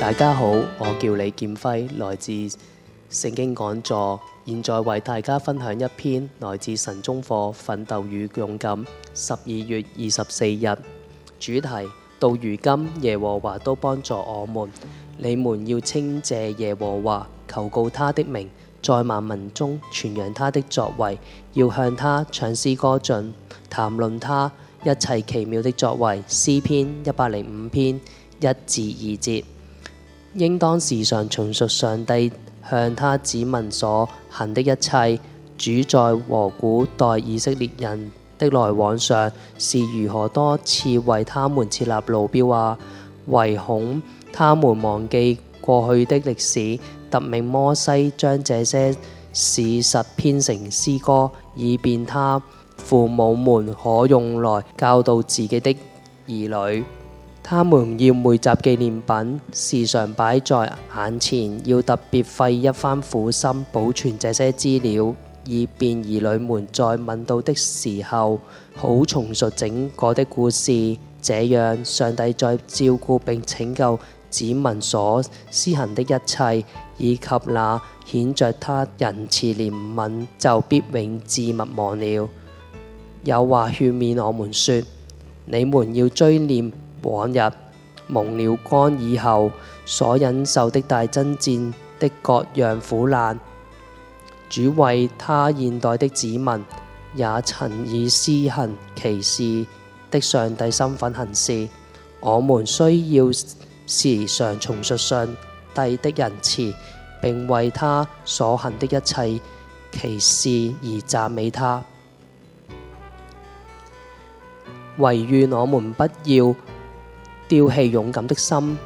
大家好，我叫李劍輝，來自聖經講座，現在為大家分享一篇來自神中課《奮鬥與勇敢》十二月二十四日主題到如今，耶和華都幫助我們，你們要稱謝耶和華，求告他的名，在萬民中傳揚他的作為，要向他唱詩歌頌，談論他一切奇妙的作為。詩篇，篇一百零五篇一至二節。應當時常重述上帝向他子民所行的一切，主在和古代以色列人的來往上是如何多次為他們設立路標啊！唯恐他們忘記過去的歷史，特命摩西將這些事實編成詩歌，以便他父母們可用來教導自己的兒女。他們要匯集紀念品，時常擺在眼前，要特別費一番苦心保存這些資料，以便兒女們在問到的時候，好重述整個的故事。這樣，上帝在照顧並拯救子民所施行的一切，以及那顯著他仁慈憐憫就必永誌勿忘了。有話勸勉我們說：你們要追念。往日蒙了光以後所忍受的大爭戰的各樣苦難，主為他現代的子民也曾以施行奇事的上帝身份行事。我們需要時常重述上帝的仁慈，並為他所行的一切奇事而讚美他。惟願我們不要。丟棄勇敢的心，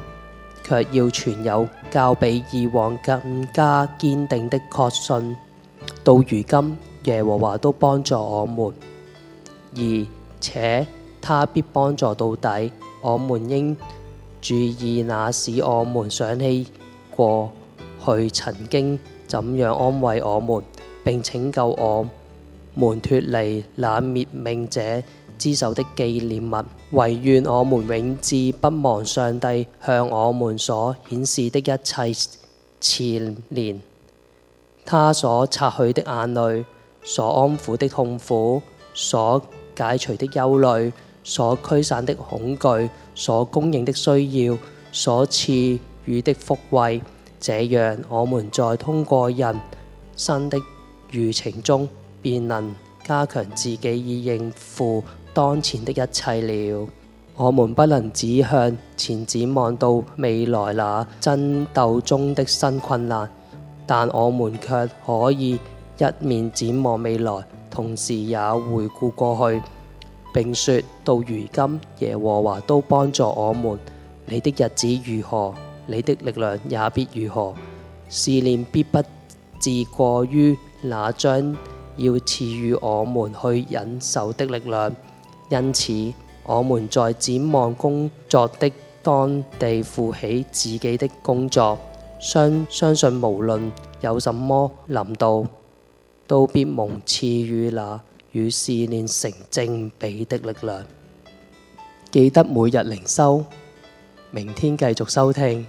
卻要存有較比以往更加堅定的確信。到如今，耶和華都幫助我們，而且他必幫助到底。我們應注意那時我們想起過去曾經怎樣安慰我們，并拯救我們脫離那滅命者。之手的紀念物，唯願我們永誌不忘上帝向我們所顯示的一切慈憐，他所擦去的眼淚，所安撫的痛苦，所解除的憂慮，所驅散的恐懼，所供應的需要，所賜予的福惠。這樣，我們在通過人生的餘程中，便能加強自己以應付當前的一切了，我們不能只向前展望到未來那爭鬥中的新困難，但我們卻可以一面展望未來，同時也回顧過去，並說到如今耶和華都幫助我們。你的日子如何，你的力量也必如何，試煉必不至過於那將要賜予我們去忍受的力量。因此，我們在展望工作的當地，負起自己的工作，相相信無論有什麼臨到，都必蒙賜予那與試煉成正比的力量。記得每日靈修，明天繼續收聽。